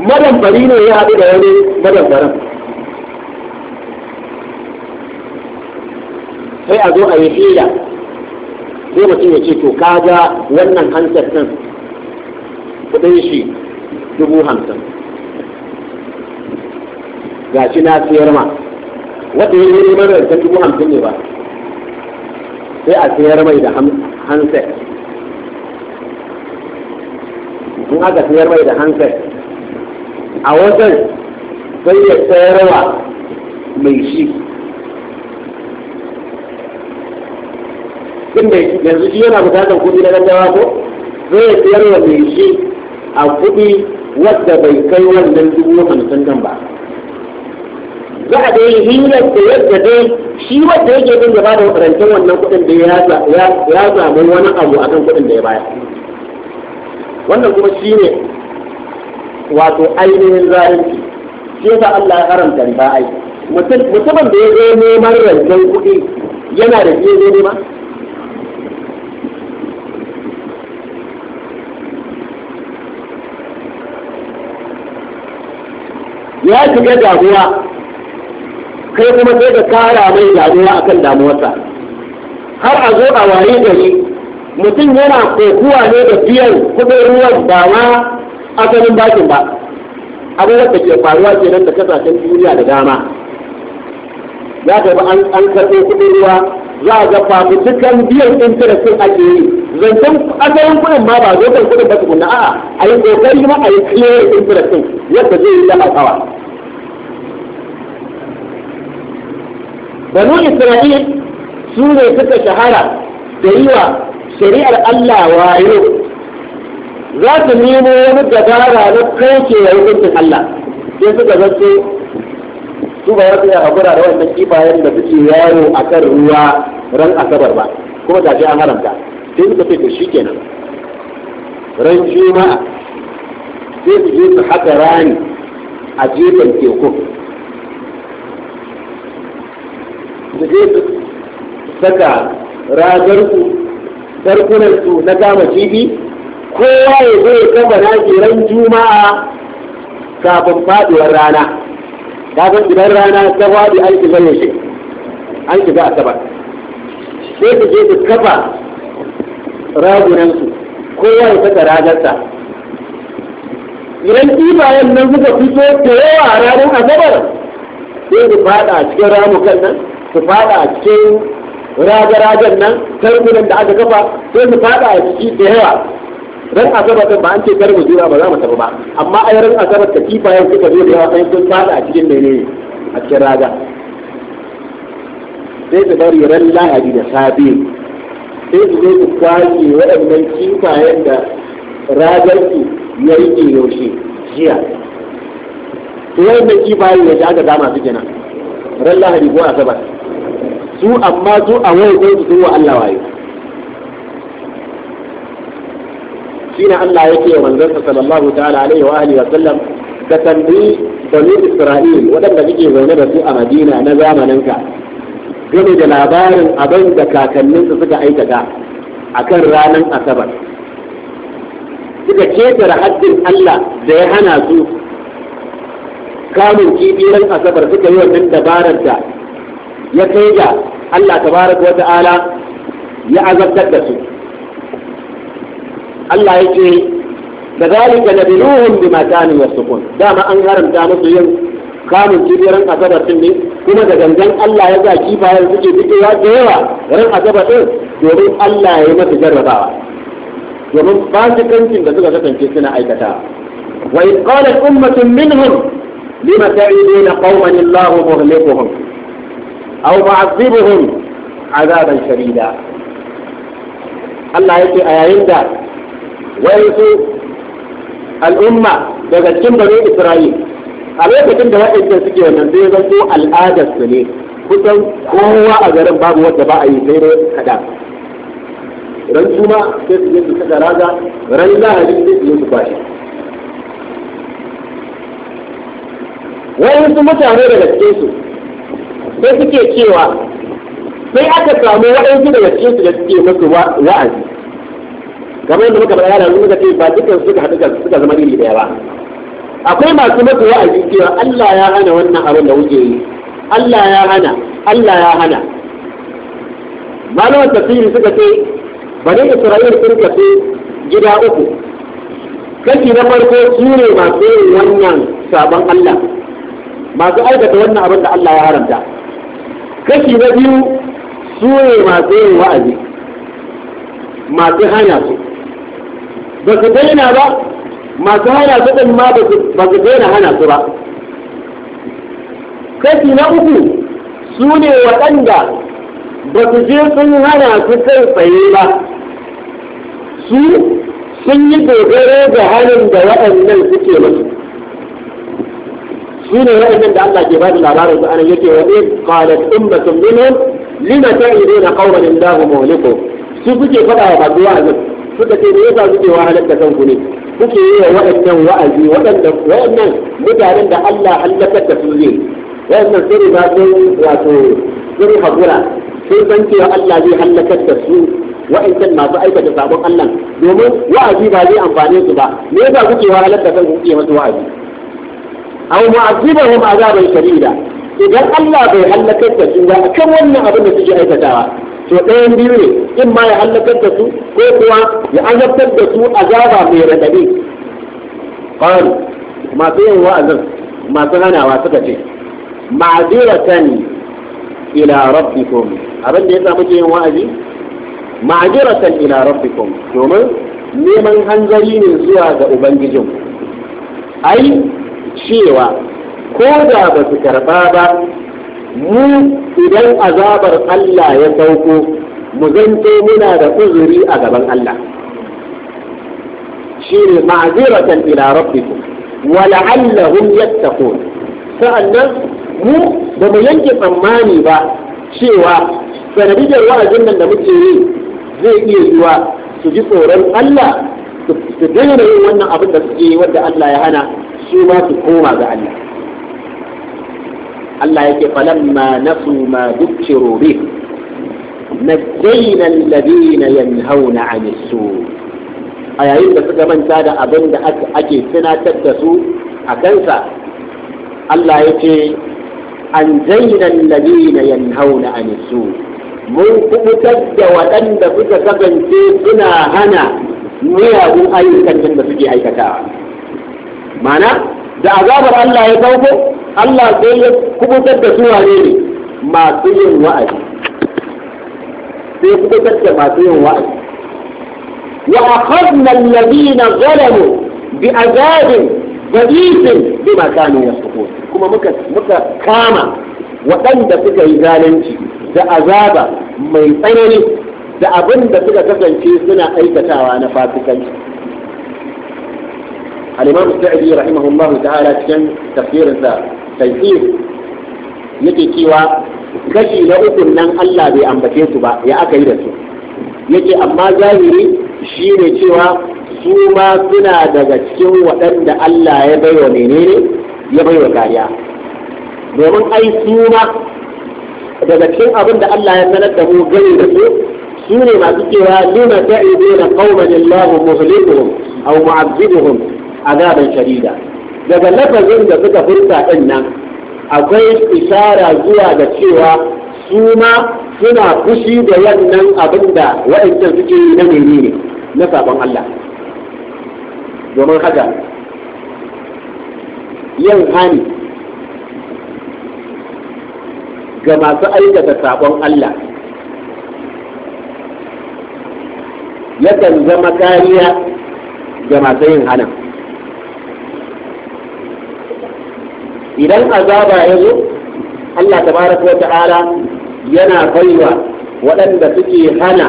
madamfari ne ya haɗu da wani madamfarin sai a zo a yi hila sai mutum ya ce to kaga wannan hansar ɗin kuɗin shi dubu hamsin ga shi na siyar ma wanda ya yi mana da dubu hamsin ne ba sai a sayar mai da handset in aka sayar mai da handset a wajen sai ya sayarwa mai shi tun da yanzu shi yana bukatar kuɗi na gaggawa ko zai sayarwa mai shi a kuɗi wadda bai kai wannan dubu hamsin nan ba za a dai hirar da yadda dai shi wanda yake bin da ba da rancen wannan kuɗin da ya samu wani abu a kan kuɗin da ya bayar wannan kuma shi ne wato ainihin zalunci shi yasa Allah ya haramta riba ai mutumin da ya zo neman rancen kuɗi yana da shi zo nema ya shiga damuwa kai kuma sai ka kara mai damuwa akan damuwarsa har a zo a waye gari mutum yana kokuwa ne da biyan kuɗin ruwan ba ma asalin bakin ba abin da ke faruwa ke nan da kasashen duniya da dama Ya ka an karɓo kuɗin ruwa za a ga dukkan biyan intanetin ake yi zancen asalin kuɗin ma ba zo kan kuɗin ba tukunna a'a a yi ƙoƙari ma a yi clear intanetin yadda zai yi da banu isra'il su ne suka shahara da yi wa shari'ar Allah wayo za su nemo wani dabara na kauce wa hukuncin Allah sai suka zanto su ba wasu ya hakura da wannan kifayen da suke yaro a kan ruwa ran asabar ba kuma gashi an haramta sai suka ce shi kenan. ran juma'a sai su je su haka rani a gefen teku da zai saka ragarku su na kama cibi kowa ya zai kafa na ran juma'a kafin faduwar rana kafin idan rana ta faɗi an shiga yaushe an shiga saba sai su je su kafa ragunansu kowa ya saka ragarsa idan kifayen nan suka fito da yawa ranar asabar sai su faɗa cikin ramukan nan su fada a cikin raga-ragan nan tarbunan da aka kafa sai su fada a ciki da yawa ran asabar din ba an ce kar mu jura ba za mu tafi ba amma yi ran asabar ta kifa yau kuka zo da yawa sai sun fada a cikin ne a cikin raga sai su bari ran lahadi da safe sai su zo su kwashe waɗannan kifayen da su ya rike yaushe jiya to wannan kifayen yadda aka gama su kenan ran lahadi ko asabar su amma su a wani ko su wa Allah wayo shine Allah yake wa manzon sallallahu ta'ala alaihi wa alihi wa sallam tambayi bani Isra'il waɗanda kake zaune da su a Madina na zamaninka game da labarin abin da kakanninsu suka aikata akan ranar Asabar suka ketare haddin Allah da ya hana su kamun kifi asabar suka yi wannan dabarar da ya kai ga Allah tabaraka wa ta'ala ya azabtar da su Allah ya ce da zalika nabiluhum bima kanu yasukun dama an haramta musu yin kamun kifi asabar din ne kuma da gangan Allah ya sa kifayen suke fitowa da yawa ran asabar din domin Allah ya yi masa jarrabawa domin fasikancin da suka kasance suna aikata wa qala ummatun minhum لما تعيدون قوما الله مهلكهم أو معذبهم عذابا شديدا Allah yake a yayin da wayansu al'umma daga cikin bane Isra'il a lokacin da waɗanda suke wannan zai zanto al'adar su ne kusan kowa a garin babu wanda ba a yi sai dai kada ran kuma sai su je su saka raga ran lahadi sai su yi su bashi wani su mutane daga cikin su sai suke cewa sai aka samu waɗansu daga cikin su da suke masu wa'azi kamar yadda muka bayana mun ga ba dukkan suka haɗu suka zama iri daya ba akwai masu masu wa'azi cewa Allah ya hana wannan abin da kuke yi Allah ya hana Allah ya hana malaman tafsiri suka ce Bani Isra'il sun kafe gida uku kashi na farko su ne masu yin wannan sabon Allah masu aikata wannan abin da Allah ya haramta kashi na biyu su ne masu yin wa'azi masu hana su ba su daina ba masu hana su ɗin ma ba su daina hana su ba kashi na uku su ne waɗanda ba su je sun hana su kai tsaye ba su sun yi dogaro da hannun da waɗannan suke masu su ne wa'annan da Allah ke bada labarin su anan yake wani qalat ummatun minhum lima ta'iduna qawman illahu muhliku su kuke faɗa wa masu wa'azin suka ce me yasa kuke wahalar da kanku ne kuke yi wa waɗannan wa'azi waɗannan mutanen da Allah halakar da su ne waɗannan sun riga sun wato sun hakura sun san cewa Allah zai halakar da su wa'ancan masu aikata sabon Allah domin wa'azi ba zai amfane su ba me yasa kuke wahalar da kanku kuke masu wa'azi aw mu'azzibahum azaban shadida idan Allah bai halakar da su kan wannan abin da suke aikatawa to ɗayan biyu ne in ma ya halakar su ko kuwa ya azabtar da su azaba mai radadi qalu masu yin wa'azin masu hanawa suka ce ma'aziratan ila rabbikum abin da ya sa muke yin wa'azi ila domin neman hanzari ne zuwa ga ubangijin cewa ko da ba su karɓa ba mu idan azabar Allah ya sauko mu zanto muna da uzuri a gaban Allah shi ne ma'aziratan ila rabbikum wa yattaqun sa'annan mu ba mu yanke tsammani ba cewa sanadiyar wa'azin nan da muke yi zai iya zuwa su ji tsoron Allah su daina yin wannan abin da suke yi wanda Allah ya hana su ba su koma ga Allah Allah yake falamma nasu ma dukkiru bih najjayna alladhina yanhauna 'anil su a yayin da suka manta da abin da ake tunatar da su a kansa Allah ce an zaina alladhina yanhauna 'anil su mun kubutar da waɗanda suka kasance suna hana miyagun ayyukan da suke aikatawa mana da azabar Allah ya sauko Allah sai ya kubutar da su wane ne masu yin wa'azi sai ya kubutar da masu yin wa'azi wa akhadna alladhina zalamu bi azabin badisin bima kanu yasqut kuma muka muka kama waɗanda suka yi zalunci da azaba mai tsanani da abin da suka kasance suna aikatawa na fasikanci al-imam sa'idi rahimahullahu ta'ala cikin tafsirinsa tafsir yake cewa kashi na ukun nan Allah bai ambace su ba ya aka yi da su yake amma zahiri shine cewa su ma suna daga cikin waɗanda Allah ya baiwa menene ya baiwa kariya domin ai su ma daga cikin abin da Allah ya sanar da mu gani da su su ne masu cewa lima ta'iduna qauman Allah muhlikuhum aw mu'azzibuhum azaban sharida daga lafazin da suka furta din nan akwai isara zuwa da cewa su ma suna fushi da wannan abin da waɗancan suke yi na menene na sabon Allah domin haka yin hani ga masu aikata sabon Allah yakan zama kariya ga masu yin hana. idan azaba ya zo Allah tabaraka wa yana baiwa waɗanda suke hana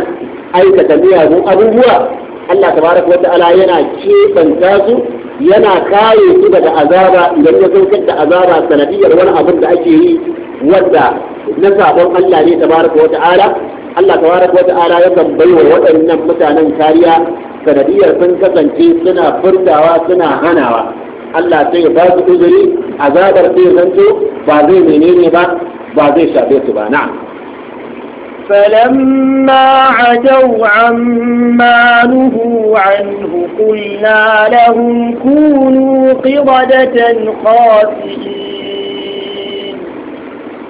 aikata miyagun abubuwa Allah tabaraka yana keɓanta su yana kare su daga azaba idan ya saukar da azaba sanadiyar wani abin da ake yi wanda na sabon Allah ne tabaraka wa Allah tabaraka wa ta'ala baiwa waɗannan mutanen kariya sanadiyar sun kasance suna furtawa suna hanawa Allah sai ya ba su uzuri azabar sai zanto ba zai menene ba ba zai shafe su ba na'am فلما عتوا عما نهوا عنه قلنا لهم كونوا قردة خاسئين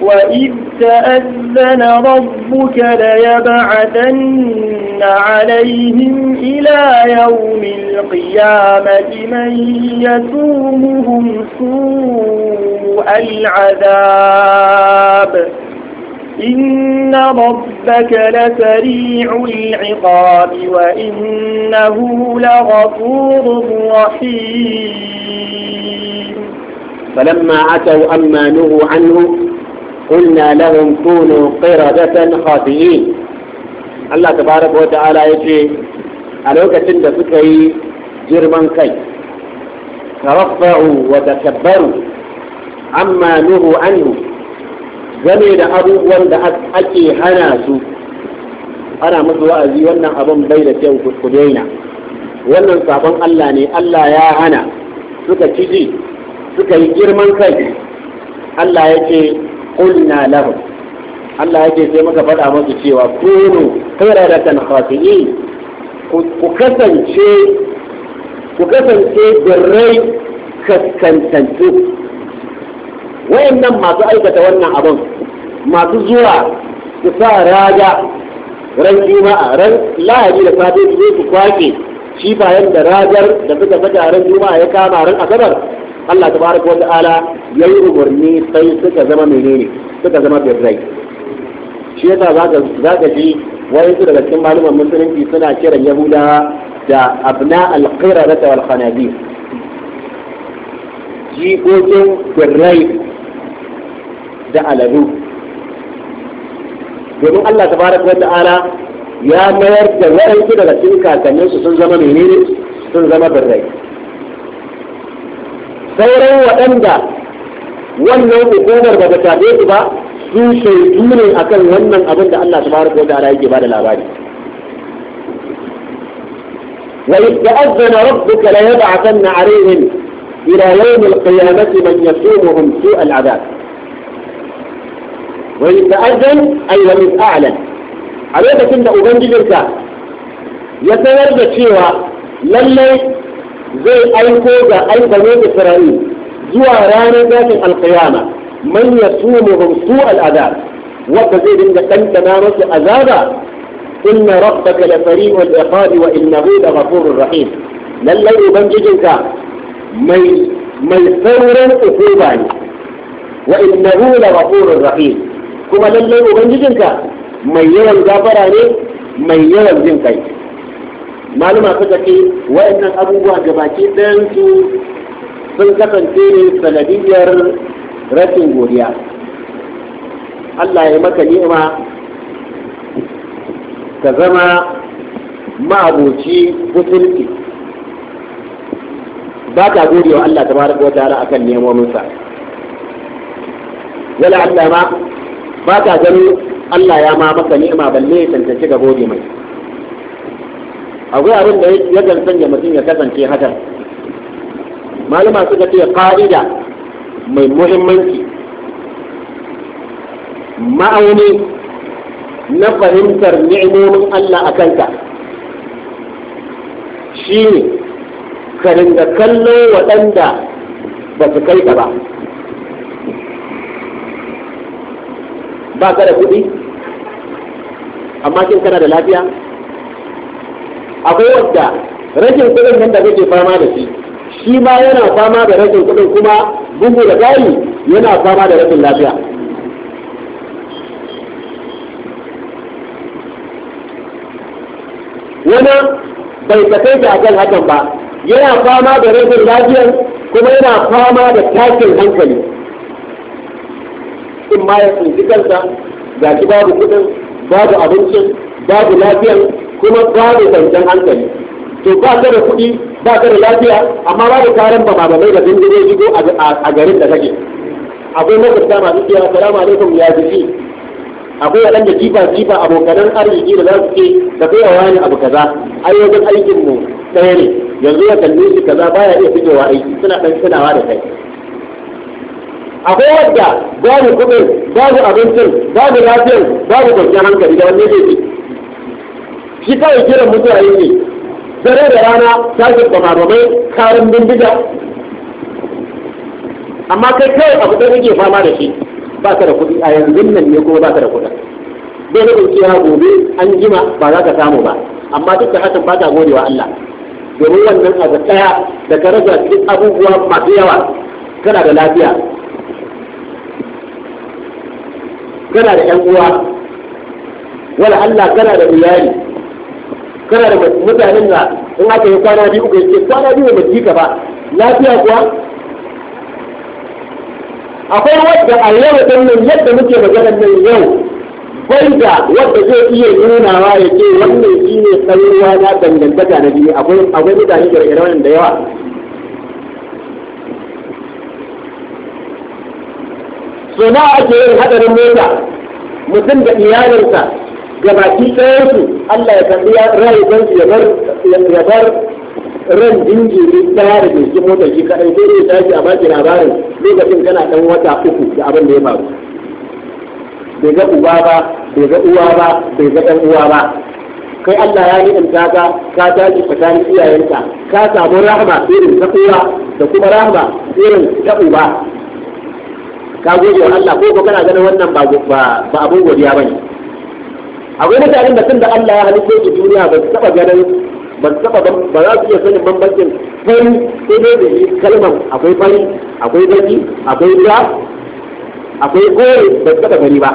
وإذ تأذن ربك ليبعثن عليهم إلى يوم القيامة من يسومهم سوء العذاب إن ربك لسريع العقاب وإنه لغفور رحيم فلما أَتَوْا أما نهوا عنه قلنا لهم كونوا قردة خاطئين الله تبارك وتعالى يجي على وقت سكي جرمان كي ترفعوا وتكبروا عما نهوا عنه game da abubuwan da ake hana su ana musu wa'azi wannan abun bai da kyau ku wannan sabon Allah ne Allah ya hana suka ciji suka yi girman kai Allah ya ce qulna lahu Allah yake sai muka faɗa musu cewa kunu qiradatan khasi'in ku kasance ku kasance birrai su. wayannan masu aikata wannan abun masu zuwa su sa raga ran juma'a ran lahadi da safe su su kwake shi bayan da ragar da suka saka ran juma'a ya kama ran asabar Allah ta tabaraka wata'ala ya yi umarni sai suka zama menene suka zama birrai shi yasa za ka ji su daga cikin malaman musulunci suna kiran yahudawa da abna alqirarata wal khanazir jikokin birrai da aladu domin Allah tabaraka wata'ala ya mayar da wayansu daga cikin kakanninsu sun zama menene sun zama birrai sauran waɗanda wannan hukumar ba ta shafe su ba su shaidu ne akan wannan abin da Allah tabaraka wa ta'ala yake bada labari wa yasta'adhana rabbuka la yab'athanna 'alayhim ila yawm al-qiyamati man yasumuhum su'a al-'adab wa yasta'adhan ay wa yasta'lan a lokacin da ubangijinka ya sanar da cewa lallai zai aiko ga aikane Isra'il zuwa ranar tashin alkiyama man ya tumu hum su al'adab wanda zai dinga ɗanɗana masu azaba inna rabbaka la sari'ul iqabi wa innahu la ghafurur rahim lallai ubangijinka mai mai sauran ukuba ne wa innahu la ghafurur rahim kuma lallai ubangijinka mai yawan gafara ne mai yawan jin kai maluma suka ce wayannan abubuwa ga baki ɗayan sun kasance ne sanadiyar rashin godiya Allah ya maka ni'ima ka zama ma'aboci musulci ba ka gode wa Allah tabaraka wa ta'ala akan nemominsa wala Allah ma ba ka gani Allah ya ma maka ni'ima balle ya tantance ga gode mai akwai abin da ya kan sanya mutum ya kasance hakan malama suka ce ƙa'ida mai muhimmanci ma'auni na fahimtar ni'imomin Allah a kanka shi ne ka dinga kallo waɗanda ba su kai ka ba ba ka da kuɗi amma kin kana da lafiya akwai wadda rashin kuɗin nan da kake fama da shi shi ma yana fama da rashin kuɗin kuma bugu da gari yana fama da rashin lafiya wani bai kasance a akan hakan ba yana fama da rashin lafiya kuma yana fama da tashin hankali in ma ya tsinci kansa ga shi babu kudin babu abincin babu lafiyar kuma babu kwanciyar hankali to ba ka da kuɗi ba ka da lafiya amma ba da karen ba mai da sun gire shigo a garin da kake akwai makwabta masu cewa salamu alaikum ya fi akwai waɗanda jifa jifa abokanan arziki da za su ce da kai a wani abu kaza ai wajen aikin mu ɗaya ne yanzu ya kalli shi kaza ya iya fitowa aiki suna ɗan tunawa da kai akwai wadda babu kuɗin babu abincin babu lafiyar babu kwanciyar hankali da wanne zai shi kawai kiran mutuwa yake dare da rana tashin bamabamai karin bindiga amma kai kawai abu da kake fama da shi ba ka da kuɗi a yanzu nan ne kuma ba ka da kuɗi dai na bincika gobe an jima ba za ka samu ba amma duk da hakan ba ka gode Allah domin wannan abu ɗaya da ka rasa cikin abubuwa masu yawa kana da lafiya kana da ƴan uwa wala Allah kana da iyali kana da mutanen da in aka yi kwana biyu uku yake kwana biyu ba ji ba lafiya kuwa akwai wadda a yau da nan yadda muke magana nan yau bai da wadda zai iya wa ya ce wannan shi ne tsayuwa na dangantaka na biyu akwai mutane da irin da yawa so na ake yin hadarin mota mutum da iyalinsa gabaki ɗaya su Allah ya tambi ya rai don ya bar ya bar ran ta ɗaya da shi motar shi kaɗai sai dai tashi a baki labarin lokacin kana ɗan wata uku da abin da ya faru bai ga uba ba bai ga uwa ba bai ga ɗan uwa ba kai Allah ya yi in ka ka tashi tsakanin iyayenka ka samu rahama irin ta uwa da kuma rahama irin ta uba ka gode wa Allah ko kana ganin wannan ba abun godiya bane akwai mutanen da tun da Allah ya halitta su duniya ba su taba ganin ba su taba ba za su iya sanin bambancin fari sai dai da kalmar akwai fari akwai baki akwai ruwa akwai kore ba su taba gani ba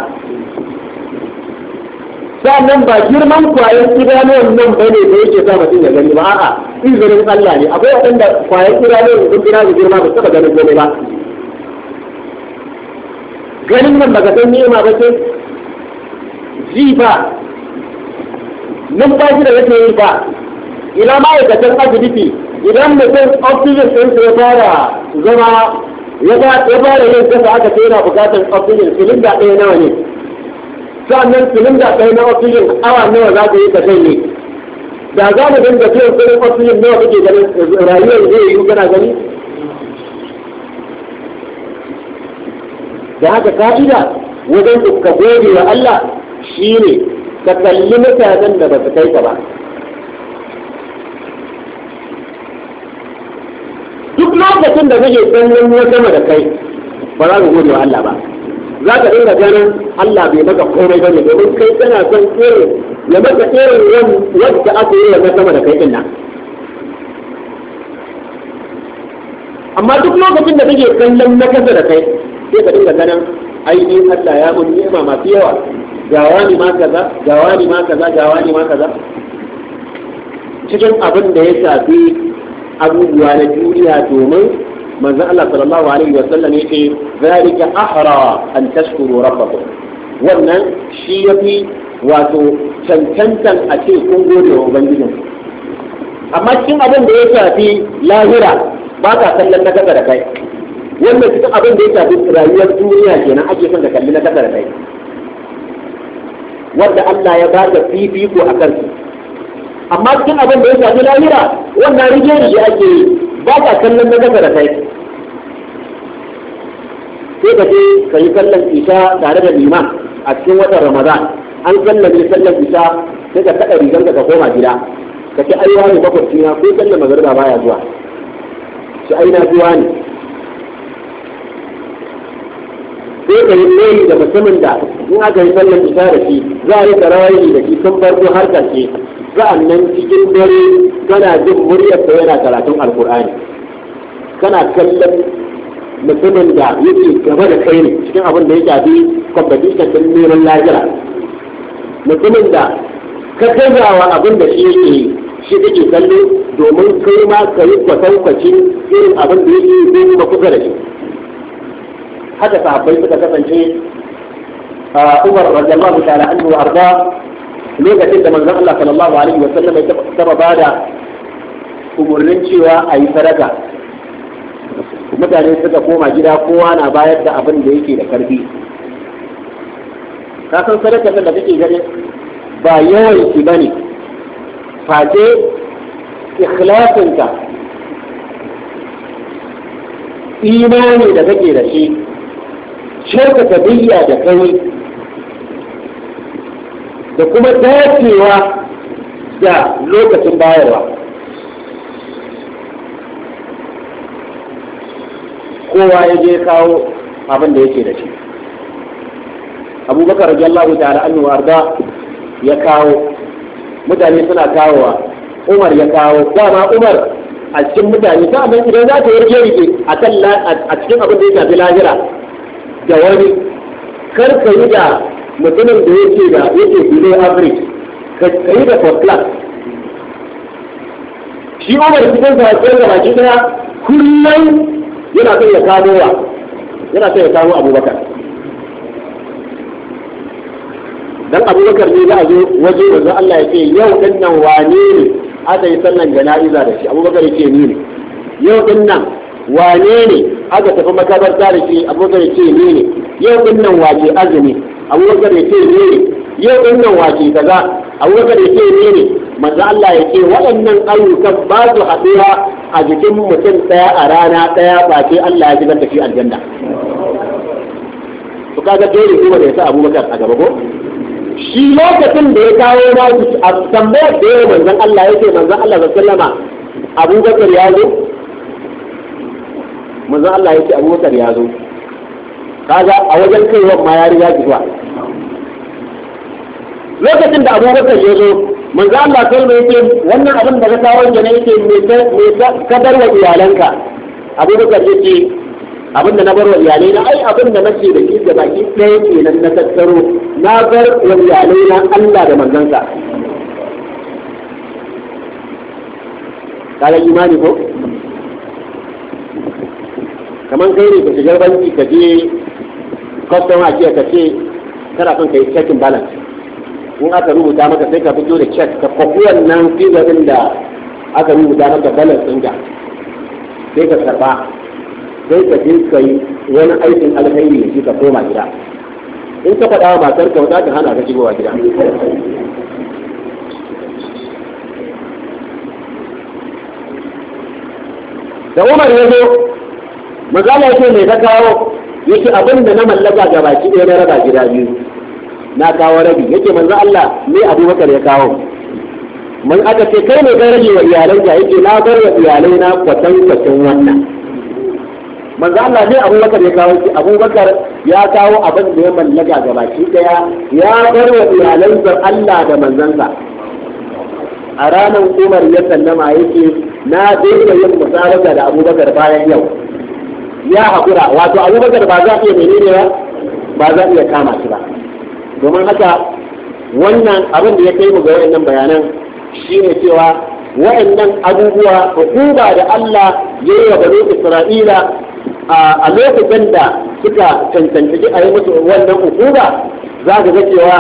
sannan ba girman kwayan idanuwan nan ba ne da yake sa mutum ya gani ba a'a izinin Allah ne akwai waɗanda kwayan idanuwan sun kira da girma ba su taba ganin komai ba ganin nan baka san ni'ima ba ce ji ba numfashi da yake yi ba ina ma'aikatan asibiti idan mutum oxygen sun ya fara zama ya fara yin kasa aka ce yana bukatar oxygen silinda ɗaya nawa ne sannan silinda ɗaya na oxygen awa nawa za ka yi ka ne da za mu dinga cewa kudin oxygen nawa kake ganin rayuwar zai yi kana gani da haka ka'ida wajen ka gode wa Allah shi ne ka kalli mutanen da ba su kai ka ba duk lokacin da kake ganin ya sama da kai ba za ka gode wa Allah ba za ka dinga ganin Allah bai maka komai ba ne domin kai kana son tsere, ya maka irin wadda aka yi na sama da kai din nan amma duk lokacin da kake kallon na kasa da kai sai ka dinga ganin ainihin Allah ya mun nema masu yawa Gawani ma kaza gawani ma kaza gawani ma kaza cikin abin da ya shafi abubuwa na duniya domin manzon Allah sallallahu alaihi wa sallam yake zalika ahra an tashkuru rabbakum wannan shi yafi wato cancantan a ce kun gode wa ubangijinku amma cikin abin da ya shafi lahira ba ka kallon na kasa da kai wannan cikin abin da ya shafi rayuwar duniya kenan ake son da kalli na kasa da kai wanda Allah ya bada fifiko a kansu amma cikin abin da ya shafi lahira wannan rigeri ya ake yi ba ka kallon na gaba da kai sai ka je ka yi kallon isha tare da liman a cikin watan ramadan an sallame sallar isha sai ka kaɗa rigar ka koma gida ka ce ai wani makwabci na ko baya zuwa shi ai zuwa ne sai ka yi da mutumin da in aka yi sallar isa da shi za a yi tarawayi da shi sun farko har ƙarshe nan cikin dare kana jin muryar ta yana karatun alkur'ani kana kallon mutumin da yake gaba da kai ne cikin abin da ya shafi competition din neman lajira mutumin da ka wa abin da shi yake shi kake kallo domin kai ma ka yi kwatankwacin irin abin da yake yi ko kuma kusa da shi haka sahabbai suka kasance Umar radiyallahu ta'ala anhu arda lokacin da manzon Allah sallallahu alaihi wa sallam ya taba bada umurnin cewa a yi sadaka mutane suka koma gida kowa na bayar da abin da yake da karfi ka san sadaka da kake gani ba yawan ki bane face ikhlasinka imani da kake da shi kyautata niyya da kai da kuma dacewa da lokacin bayarwa kowa ya je kawo abin da yake da shi abubakar radiyallahu ta'ala annu arda ya kawo mutane suna kawowa umar ya kawo dama umar a cikin mutane amince idan za ta yi rike a cikin abin da ya shafi lahira da wani kar ka yi da mutumin da yake da yake below average ka yi da first class shi umar cikin sa da baki daya kullum yana son ya kamo wa yana son ya kamo abubakar dan abubakar ne za a zo waje wanzu Allah ya ce yau din nan wane ne aka yi sallan jana'iza da shi abubakar ya ce ni ne yau din nan wane ne aka tafi makabarta da shi abubakar ya ce ne ne yau din nan wace azumi abubakar ya ce ne ne yau din nan wace kaza abubakar ya ce ne ne manzo Allah ya ce waɗannan ayyukan ba su haɗuwa a jikin mutum ɗaya a rana ɗaya ba sai Allah ya shigar da shi aljanna to kaga dole kuma da ya sa abubakar a gaba ko shi lokacin da ya kawo na a tambayar da ya manzon Allah ya ce manzon Allah sallama abubakar ya zo manzo Allah ya ce Bakar ya zo kaga a wajen kaiwa ma ya riga zuwa lokacin da Abu abubakar ya zo manzo Allah sai mai ce wannan abin da ka kawo ne yake me ka kadar wa iyalanka abubakar ya ce abin da na bar wa iyalai ai abin da nake da shi da baki ɗaya kenan na tattaro na bar wa iyalai na Allah da manzansa kaga imani ko kamar kai ne ka shigar banki ka je kwastan ajiya ka ce kana son ka yi checking balance in aka rubuta maka sai ka fito da check ka kwakwiyar nan fiza ɗin da aka rubuta maka balance ɗin ka sai ka karba sai ka je ka wani aikin alkhairi da shi ka koma gida in ka faɗawa wa matar ka za ka hana ka shigowa gida da umar ya zo magana yake mai ta kawo yake abin da na mallaka ga baki ɗaya na raba gida biyu na kawo rabi yake manzo Allah me Abubakar ya kawo mun aka ce kai ne ka rage wa iyalai ga yake na bar wa iyalai na kwatan kwatan wannan manzo Allah ne Abubakar ya kawo shi Abubakar ya kawo abin da ya mallaka ga baki ɗaya ya bar wa iyalai ga Allah da manzansa a ranar Umar ya sallama yake na daina yin musabaka da Abubakar bayan yau ya haƙura wato abubakar ba za a iya menene ba ba za a iya kama shi ba domin haka wannan abin da ya kai mu ga wayannan bayanan shi ne cewa wayannan abubuwa hukuma da Allah ya yi wa bani Isra'ila a lokacin da suka cancanci a yi musu wannan hukuma za ka ga cewa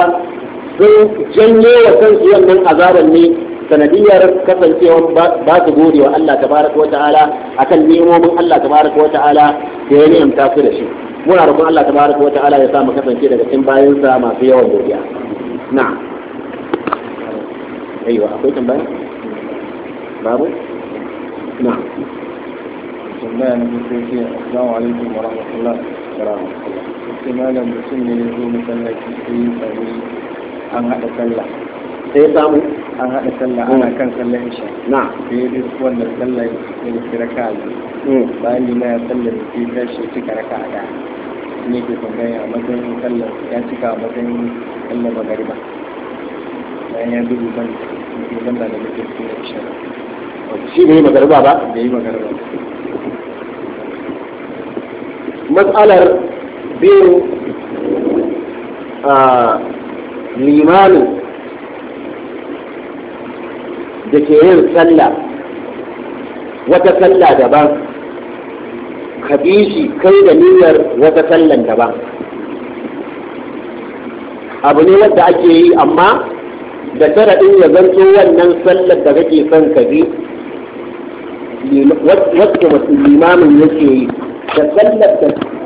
sun janye wa kansu wannan azabar ne sanadiyar kasancewar ba su gode wa Allah tabaraka wa ta'ala akan nemomin Allah tabaraka wa ta'ala da ya ni'amta su da shi muna roƙon Allah tabaraka wa ta'ala ya sa mu kasance daga cikin sa masu yawan godiya na. aiwa akwai tambaya babu na'am tambaya na mutum ce assalamu alaikum wa rahmatullah wa rahmatullah sai malam mutum ne ya zo musallaci sai an haɗa sallah sai ya samu an haɗa sallah ana kan sallah isha na da ya duk wannan sallah ya nufi raka a biyu mm. bayan na ya sallah da ya tashi ya cika raka a ɗaya ne ke tambaya a matsayin sallah ya cika a matsayin sallah magariba bayan ya dubu ban ban da muke sun da isha shi bai yi magariba ba bai yi magariba matsalar biyu a ah, limanin da ke yin sallah wata sallah daban ka bi shi kai da niyyar wata sallan daban abu ne wanda ake yi amma da sharaɗin ya zanto wannan sallar da kake son ka bi wacce limamin yake yi da sallar da